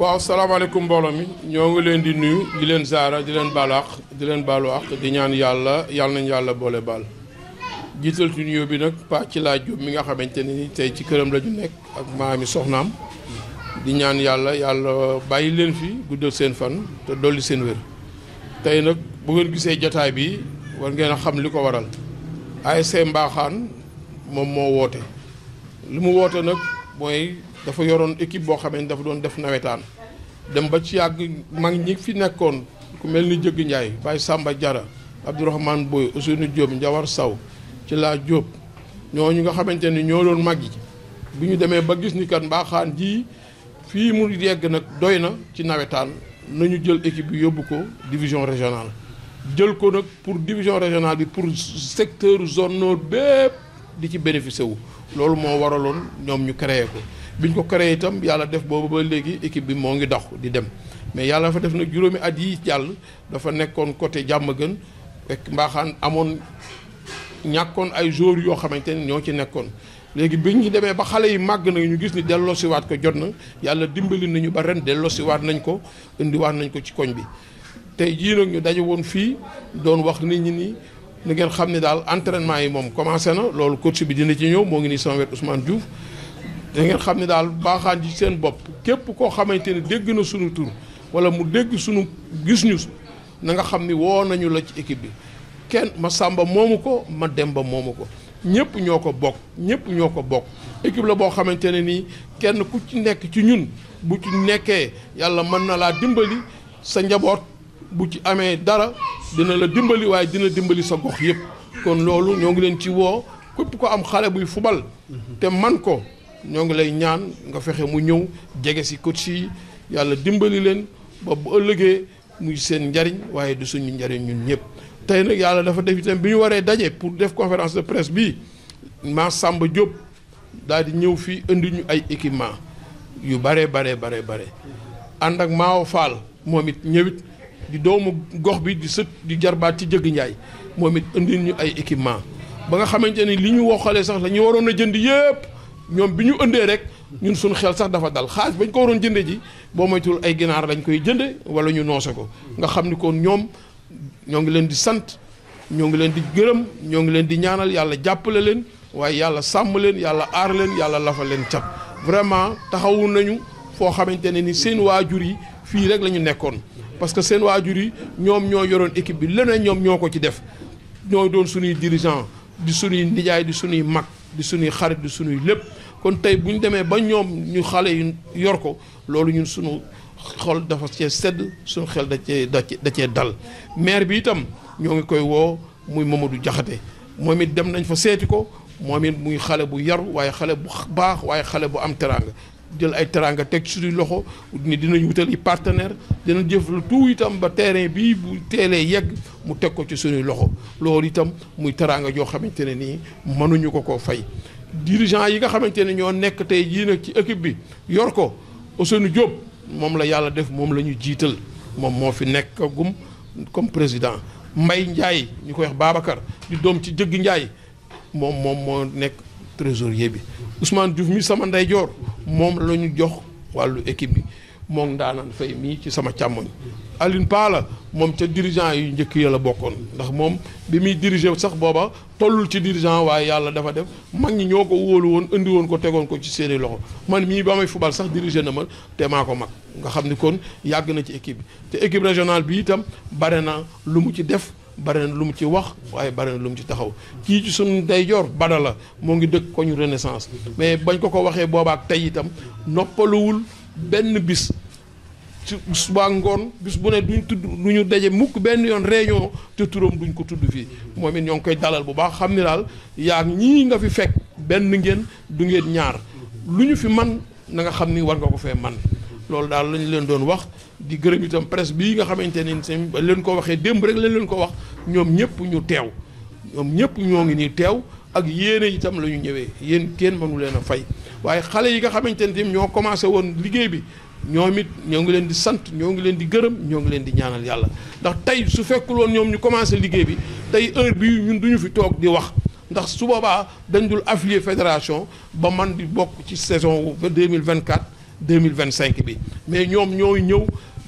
waaw salaamaaleykum mbooloo mi ñoo ngi leen di nuyu di leen zaara di leen baalu àq di leen baalu àq di ñaan yàlla yàlla nañu yàlla boole baal jiital ci nuyoo bi nag Pa ci laaj Jóob mi nga xamante ne ni tey ci këram la ñu nekk ak maami soxnaam di ñaan yàlla yàlla bàyyi leen fi guddal seen fan te dolli seen wér tey nag bu gisee jataay bi war ngeen a xam li ko waral. ASC Mbaxaan moom moo woote li mu woote nag mooy dafa yoroon équipe boo xam ne dafa doon def nawetaan dem ba ci yàgg mag ñi fi nekkoon ku mel ni Jëgg Ndiaye Baye sàmba jara Abdourahmane Boy Ousseynou Diop njawar Saw ci laa Diop ñu nga xamante ni ñoo doon mag yi bi ñu demee ba gis ni kat mbaaxaan ji fii mu yegg nag doy na ci nawetaan nañu jël équipe bi yóbbu ko division régional jël ko nag pour division régionale bi pour secteur zone nord bépp di ci bénéficier wu loolu moo waraloon ñoom ñu créé ko bi ñu ko créé itam yàlla def boobu ba léegi équipe bi moo ngi dox di dem mais yàlla dafa def nag juróomi at yi jàll dafa nekkoon côté jàmm gën rek mbaaxaan amoon ñàkkoon ay joueurs yoo xamante ni ñoo ci nekkoon léegi bi ñu demee ba xale yi màgg na ñu gis ni delloosiwaat ko jot na yàlla dimbali nañu ba ren delloosiwaat nañ ko indiwaat nañ ko ci koñ bi tey jii nag ñu daje woon fii doon wax nit ñi nii ni ngeen xam ne daal entraînement yi moom commencé na loolu coach bi dina ci ñëw moo ngi nii sama wet Ousmane Diouf da xam ne daal baaxaan ji seen bopp képp koo xamante ne dégg na sunu tur wala mu dégg sunu gis ñu na nga xam ni woo nañu la ci équipe bi kenn ma sàmba moomu ko ma dem ba moomu ko ñëpp ñoo ko bokk ñëpp ñoo ko bokk équipe la boo xamante ne nii kenn ku ci nekk ci ñun bu ci nekkee yàlla mën na laa dimbali sa njaboot. bu ci amee dara dina la dimbali waaye dina dimbali sa gox yëpp kon loolu ñoo ngi leen ci woo képp ko am xale buy fubal te man ko ñoo ngi lay ñaan nga fexe mu ñëw jege si coach si yàlla dimbali leen ba bu ëllëgee muy seen njariñ waaye du suñu njariñ ñun ñëpp tey nag yàlla dafa def itam bi ñu waree daje pour def conférence de presse bi ma Samba Diop daal di ñëw fii indi ñu ay équipement yu bare bare bare bare ànd ak Mao Fall moom it ñëwit di doomu gox bi di sët di jarbaat ci jëgg njaay moom it indi ñu ay équipement ba nga xamante ni li ñu waxalee sax la ñu waroon a jënd yëpp ñoom bi ñu ëndee rek ñun suñu xel sax dafa dal xaalis bañ ko waroon jënde ji boo moytul ay ginaar lañu koy jënde wala ñu noose ko nga xam ni kon ñoom ñoo ngi leen di sant ñoo ngi leen di gërëm ñoo ngi leen di ñaanal yàlla jàppale leen waaye yàlla sàmm leen yàlla aar leen yàlla lafa leen cat vraiment taxawu nañu foo xamante ne ni seen waajur yi fii rek la ñu nekkoon parce que seen waajur yi ñoom ñoo yoroon équipe bi leneen ñoom ñoo ko ci def ñoo doon suñuy dirigeant di suñuy nijaay di suñuy mag di suñuy xarit di suñuy lépp kon tey bu ñu demee ba ñoom ñu xale yu yor ko loolu ñun suñu xol dafa cee sedd suñu xel da cee da cee dal maire bi itam ñoo ngi koy woo muy Mamadou Diakhaté moom it dem nañ fa seeti ko moom it muy xale bu yaru waaye xale bu baax waaye xale bu am teraanga jël ay teranga teg suñuy loxo ni dinañ wutal yi partenaire dina jëf lu tout itam ba terrain bii bu teelee yegg mu teg ko ci suñuy loxo loolu itam muy teranga joo xamante ne nii mënuñu ko koo fay dirigeant yi nga xamante ne ñoo nekk tey jii nag ci équipe bi yor ko Ousseynou Diop moom la yàlla def moom la ñu jiital moom moo fi nekk gum comme président Mbaye Ndiaye ñu koy wax Babacar di doom ci jëggi Ndiaye moom moom moo nekk trésorier bi Ousmane Diouf mi sama ndeyjoor moom la ñu jox wàllu équipe bi moom daanaan fay mii ci sama càmmoñ Alioune Paa la moom ca dirigeant yu njëkk ya la bokkoon ndax moom bi muy diriger sax booba tollul ci dirigeant waaye yàlla dafa def mag ñi ñoo ko wóolu woon indi woon ko tegoon ko ci seeni loxo man mii ba may fubal sax diriger na ma te maa ko mag nga xam ni kon yàgg na ci équipe bi te équipe régionale bi itam bare na lu mu ci def bari na lu mu ci wax waaye bari lu mu ci taxaw kii ci suñu day jor bada la moo ngi dëkk koñu renaissance mais bañ ko ko waxee boobaak tey itam noppaluwul benn bis subaa ngoon bis bu ne duñ tudd du ñu daje mukk benn yoon réunion te turam duñ ko tudd fii moom it ñoo ngi koy dalal bu baax xam ni daal yaa ñii nga fi fekk benn ngeen du ngeen ñaar lu ñu fi man na nga xam ni war nga ko fee man loolu daal lañu leen doon wax di gërëm itam presse bii nga xamante ni seen leen ko waxee démb rek lañ leen ko wax ñoom ñëpp ñu teew ñoom ñëpp ñoo ngi nii teew ak yéene itam la ñu ñëwee yéen kenn mënu leen a fay waaye xale yi nga xamante ne ñoo commencé woon liggéey bi ñoom it ñoo ngi leen di sant ñoo ngi leen di gërëm ñoo ngi leen di ñaanal yàlla ndax tey su fekkul woon ñoom ñu commencé liggéey bi tey heure bii ñun duñu fi toog di wax ndax su boobaa dañ dul affilié fédération ba man di bokk ci saison wu 2024 2025 bi mais ñoom ñooy ñëw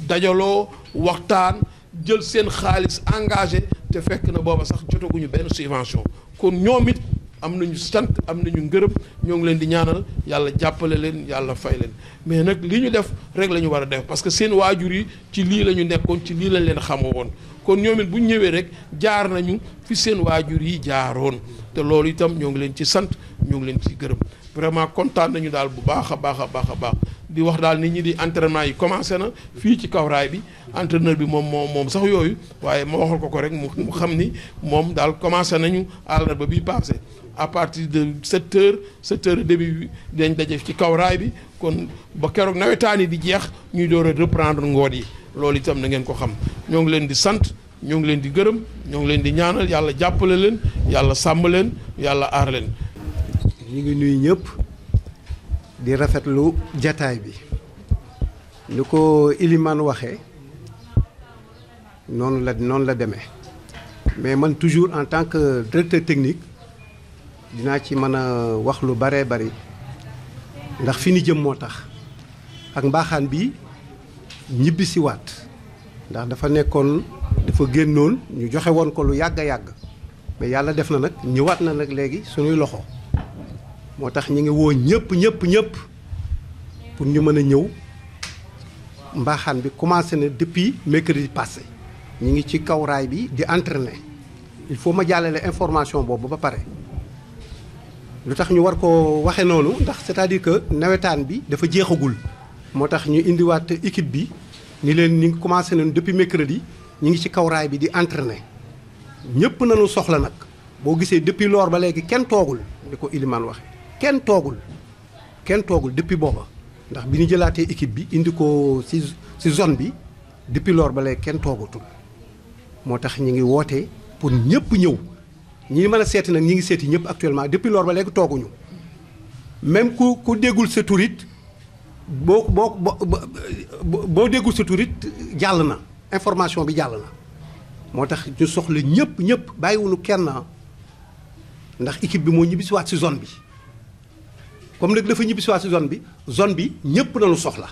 dajaloo waxtaan jël seen xaalis engagé te fekk na booba sax jotaguñu benn subvention kon ñoom it am nañu sant am nañu ngërëm ñoo ngi leen di ñaanal yàlla jàppale leen yàlla fay leen mais nag li ñu def rek la ñu war a def parce que seen waajur yi ci lii la ñu nekkoon ci lii lañ leen xamoo woon kon ñoomit bu ñu ñëwee rek jaar nañu fi seen waajur yi jaaroon te loolu itam ñoo ngi leen ci sant ñoo ngi leen ci gërëm vraiment kontaan nañu daal bu baax a baax a baax a baax di wax daal nit ñi di entraînement yi commencé na fii ci kawraay bi entraîneur bi moom moom moom sax yooyu waaye ma waxal ko ko rek mu xam ni moom daal commencé nañu àllarba bi passé à partir de 7 heures 7 heures début bi dañ daje ci kawraay bi kon ba keroog nawetaan yi di jeex ñuy door reprendre ngoot yi loolu itam na ngeen ko xam ñoo ngi leen di sant ñoo ngi leen di gërëm ñoo ngi leen di ñaanal yàlla jàppale leen yàlla sàmm leen yàlla aar leen ñu ngi nuyu ñëpp di rafetlu jataay bi ni ko Ilimane waxee noonu la noonu la demee mais man toujours en tant que directeur technique dinaa ci mën a wax lu baree bari ndax fi ni jëm moo tax ak mbaaxaan bi ñibbi waat ndax dafa nekkoon dafa génnoon ñu joxe woon ko lu yàgg a yàgg mais yàlla def na nag ñëwaat na nag léegi suñuy loxo moo tax ñu ngi woo ñëpp ñëpp ñëpp pour ñu mën a ñëw mbaaxaan bi commencé na depuis mercredi passé ñu ngi ci kaw bi di entraîner il faut ma jàllale information boobu ba pare lu tax ñu war ko waxe noonu ndax cest à que nawetaan bi dafa jeexagul moo tax ñu indiwaat équipe bi ni leen ñu commencé nañu depuis mercredi ñu ngi ci kaw bi di entraîner ñëpp nañu soxla nag boo gisee depuis loor ba léegi kenn toogul di ko Ilimane waxe kenn toogul kenn toogul depuis booba ndax bi ñu jëlaatee équipe bi indi ko ci ci zone bi depuis loor ba léegi kenn toogatul moo tax ñu ngi woote pour ñëpp ñëw ñi mën a seeti nag ñi ngi seeti ñëpp actuellement depuis loor ba léegi tooguñu même ku ku déggul sa turit boo boo boo déggul sa turit jàll na information bi jàll na moo tax ñu soxla ñëpp ñëpp bàyyiwuñu kenn ah. ndax équipe bi moo ñibbisiwaat ci zone bi comme nag dafa ñibbi si waat si zone bi zone bi ñëpp nañu soxla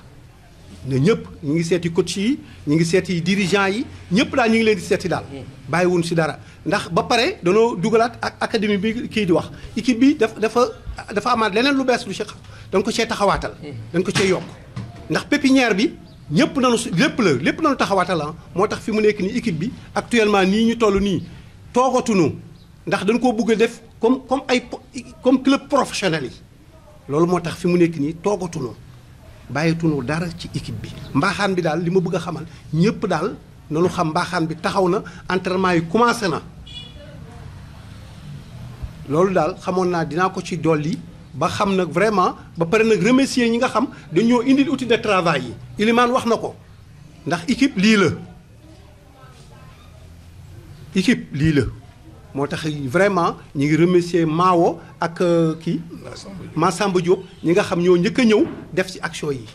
ne ñëpp ñu ngi seeti coach yi ñu ngi seeti dirigeant yi ñëpp daal ñu ngi leen di seeti daal. Hmm. bàyyiwuñ si dara ndax ba pare danoo dugalaat ak académie bi kii di wax équipe bi daf dafa dafa amaat leneen lu bees lu si dañ ko cee taxawaatal. Hmm. dañ ko cee yokk ndax pépinière bi. ñëpp nanu su lépp la lépp nanu taxawaatal la ah. moo tax fi mu nekk nii équipe bi actuellement nii ñu toll nii toogatunu ndax dañ koo bëgg a def comme comme ay comme club professionnel yi loolu moo tax fi mu nekk nii toogatunu bàyyitunu dara ci équipe bi mbaaxaan bi daal li ma bëgg a xamal ñëpp daal nanu xam mbaaxaan bi taxaw na entraînement yi commencé na loolu daal xamoon naa dinaa ko ci dolli ba xam nag vraiment ba pare nag remercier ñi nga xam dañoo indil outil de travail yi Ilimane wax na ko ndax équipe lii la équipe lii la moo tax vraiment ñu ngi remercier Maawo ak euh, kii Massamba Diop ñi nga xam ñoo njëkk a ñëw def ci action yi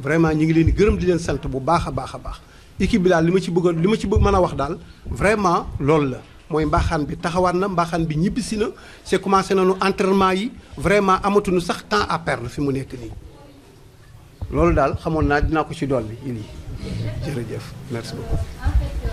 vraiment ñu ngi leen di gërëm di leen sant bu baax a baax a baax équipe bi daal li ma ci bëggoon li ma ci bëgg mën a wax daal vraiment loolu la mooy mbaaxaan bi taxawaat na mbaaxaan bi ñibbisi na c'est commencé nañu entraînement yi vraiment amatuñu sax temps à perdre fi mu nekk nii loolu daal xamoon naa dinaa ko ci dolli lii jërëjëf merci beaucoup